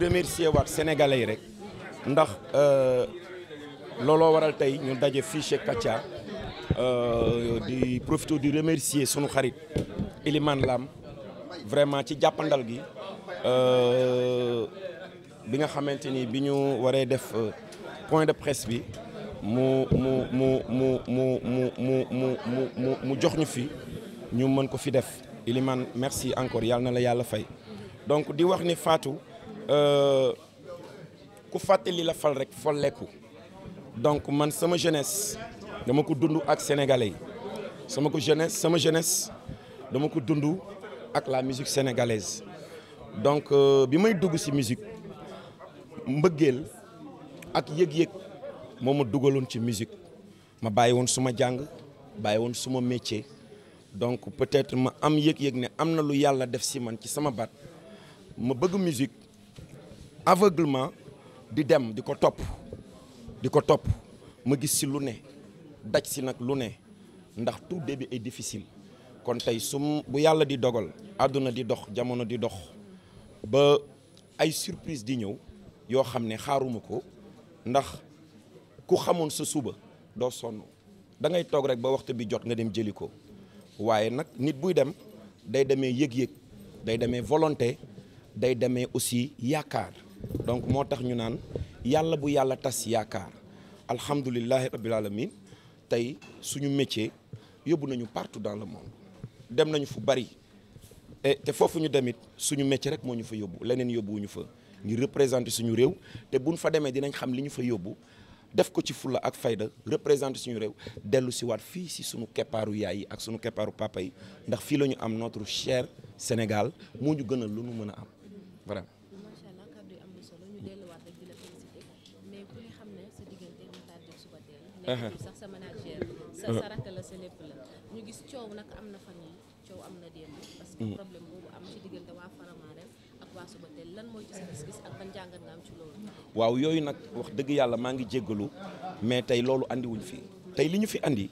remercier waat sénégalais yi rek ndax looloo waral tey ñu daje fii chez Katia di profité di remercier sunu xarit Elimane Lam vraiment ci jàppandal gi bi nga xamante ni bi ñu waree def point de presse bi mu mu mu mu mu mu mu mu mu mu jox ñu fi ñu mën ko fi def Elimane merci encore yàlla na la yàlla fay donc di wax ni Fatou. Euh, ku fàtte li la fal rek folleku donc man sama jeunesse dama ko dund ak sénégalais yi sama ko jeunesse sama jeunesse dama ko dund ak la musique sénégalaise donc euh, bi may dugg si musique mbëggeel ak yëg-yëg moom ma dugaloon ci musique ma bàyyi woon suma jàng bàyyi woon suma métier donc peut-être ma am yëg-yëg ne am na lu yàlla def si man ci sama baat ma bëgg musique aveuglement di dem di ko topp di ko topp ma gis si lu ne daj si nag lu ne ndax tout début ay difficile kon tey sum bu yàlla di dogal àdduna di dox jamono di dox ba ay surprise di ñëw yoo xam ne xaaruma ko ndax ku xamoon sa suba doo sonn da ngay toog rek ba waxtu bi jot nga dem jëli ko waaye nag nit buy dem day demee yëg-yëg day demee volonte day demee aussi yaakaar donc moo tax ñu naan yàlla bu yàlla tas yaakaar alhamdulilahi rabbil alamin tey suñu métier yóbbu nañu partout dans le monde dem nañu fu bari te foofu ñu demit suñu métier rek moo ñu fa yóbbu leneen yóbbuwuñu fa ngir représenter suñu réew te buñ fa demee dinañ xam li ñu fa yóbbu def ko ci fulla ak fayda représenter suñu réew dellu si waat fii si suñu keppaaru yaay yi ak suñu keppaaru papa yi ndax fii la ñu am notre cher Sénégal moo ñu gënal lu nu mën a am Uh-huh. sax sa manager sa uh-huh. sa la sa lépp la ñu gis coow nag am na fan yi coow am na démb parce mm. problème boobu am ci diggante waa Faramaren ak waa Subatel lan mooy ci gis ak ban jàngat nga am ci loolu waaw yooyu nag wax dëgg yàlla maa ngi jéggalu mais tey loolu andiwuñ fii tey li ñu fi andi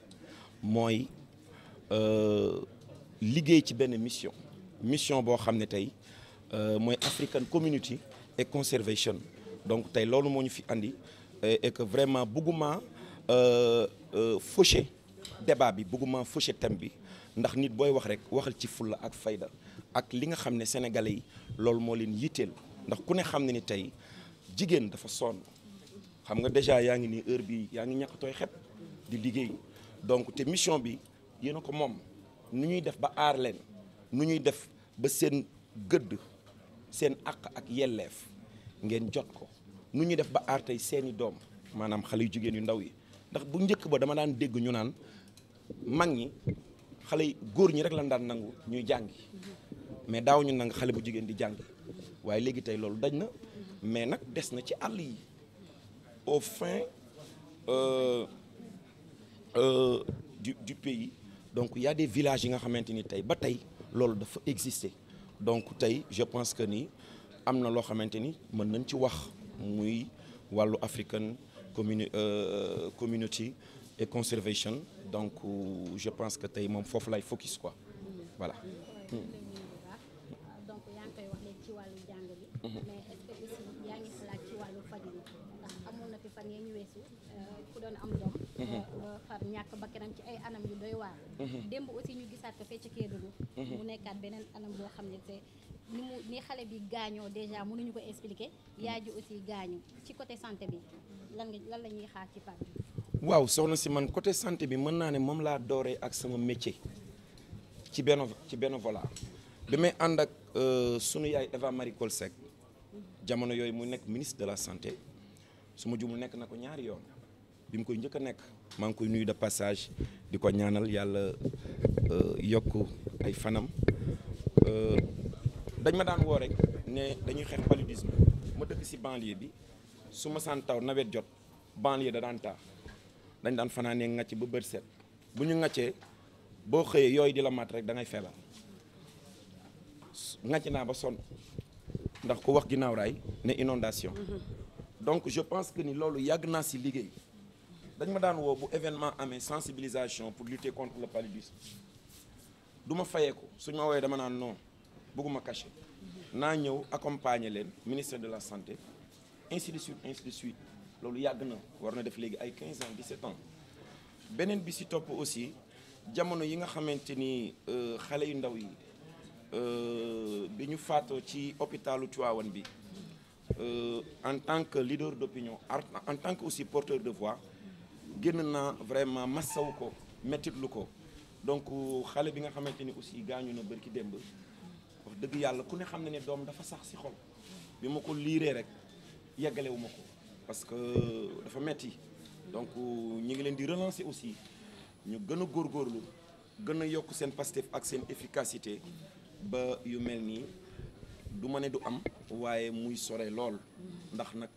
mooy euh, liggéey ci benn mission mission boo xam ne tey euh, mooy African Community et Conservation donc tey loolu moo ñu fi andi euh, et vraiment bëgguma Euh, euh, fauché débat bi bëgguma fauché thème bi ndax nit booy wax rek waxal ci fulla ak fayda ak li nga xam ne sénégalais yi loolu moo leen yitteel ndax ku ne xam ne ni tey jigéen dafa sonn xam nga déjà yaa ngi nii heure bi yaa ngi ñàkkatooy xep di liggéey donc te mission bi yéen ko moom nu ñuy def ba aar leen nu ñuy def ba seen gëdd seen àq ak yelleef ngeen jot ko nu ñuy def ba aar tey seeni doom maanaam xale yu jigéen yu ndaw yi ndax bu njëkk ba dama daan dégg ñu naan mag ñi xale yi góor ñi rek lan daan nangu ñuy jàngi mais daaw ñu nang xale bu jigéen di jàngi waaye léegi tey loolu dañ na mais nag des na ci àll yi au fin euh, euh, du du pays donc il y des villages yi nga xamante ni tey ba tey loolu dafa exister donc tey je pense que ni am na loo xamante ni mën nañ ci wax muy wàllu african communi euh, community et conservation donc euh, je pense que tey moom foofu lay focus quoi voilà. Mmh. donc yaa ngi koy wax léegi ci wàllu jàng bi. Mmh. mais est-ce yaa ngi xalaat ci wàllu faj bi ndax amoon na fi fan yee ñu weesu euh, ku doon am doom. Mmh. far ñàkk bakkanam ci ay anam yu doy waar. démb aussi ñu gisaat ko fee ci Kédougou. mu nekkaat beneen anam boo xam ne te. ni mu ni xale bi gaañoo déjà ñu ko expliquer yaay ji aussi gaañu ci côté santé bi lan nga la ñuy xaar ci Pape waaw soxna si man côté santé bi mën naa ne moom laa dooree ak sama métier ci benn ci benn bénévolat bi may ànd ak euh, sunu yaay Eva Marie Coll jamono yooyu mu nekk ministre de la santé su ma mu nekk na ko ñaari yoon bi mu koy njëkk a nekk maa ngi koy nuyu de passage di ko ñaanal yàlla euh, yokk ay fanam. Euh, dañ ma daan woo rek ne dañuy xeex paludisme ma dëkk si banlieue bi su ma saan taw nawet jot banlieue da daan taa dañ daan fanaanee ngàcc ba bër set bu ñu ngaccee boo xëyee yooyu di la mat rek da ngay feebar ngàcc naa ba sonn ndax ku wax ginnaaw raay ne inondation mhm. donc je pense que ni loolu yàgg naa si liggéey dañ ma daan woo bu événement amee sensibilisation pour lutter contre le paludisme du ma fayee ko suñ ma woowee dama naan non bëgguma caché naa ñëw accompagner leen ministère de la santé ainsi de suite ainsi de suite loolu yàgg na war na def léegi ay 15 ans 17 ans beneen bi si topp aussi jamono yi nga xamante ni euh, xale yu ndaw yi euh, bi ñu faatoo ci hôpitalu Tivaouane bi euh, en tant que leader d'opinion en tant que aussi porteur de voix génn naa vraiment massaw ko mettitlu ko donc xale bi nga xamante ni aussi gaañu na bërki démb dëgg yàlla ku ne xam na ne doom dafa sax si xol bi ma ko liiree rek yeggalewu ma ko parce que dafa metti donc ñu ngi leen di relancer aussi ñu gën a góorlu gën a yokk seen pastef ak seen efficacité ba yu mel nii du ma ne du am waaye muy sore lool ndax nag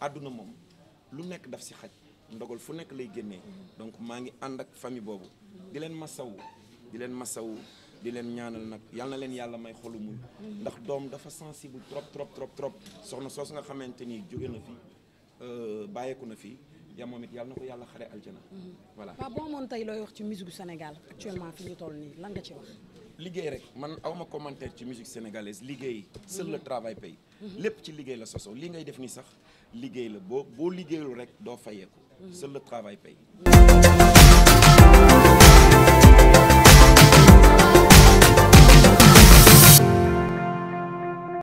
àdduna moom lu nekk daf si xaj ndogal fu nekk lay génnee donc maa ngi ànd ak famille boobu di leen masawu di leen masawu di leen ñaanal nag yal na leen yàlla may xolu muñ ndax doom dafa sensible trop trop trop trop soxna soo soosu nga xamante ni jóge na fi euh, bàyyeeku na fi yaa moom it yal na ko yàlla xare aljana voilà waaw boo amoon tey looy wax ci musique Sénégal actuellement fi ñu toll nii lan nga ci wax. liggéey rek man awma commentaire ci musique sénégalaise liggéey seul le travail mhm. lépp ci liggéey la soso li ngay def nii sax liggéey la boo boo liggéeyul rek doo fayeeku mhm. seul le travail paye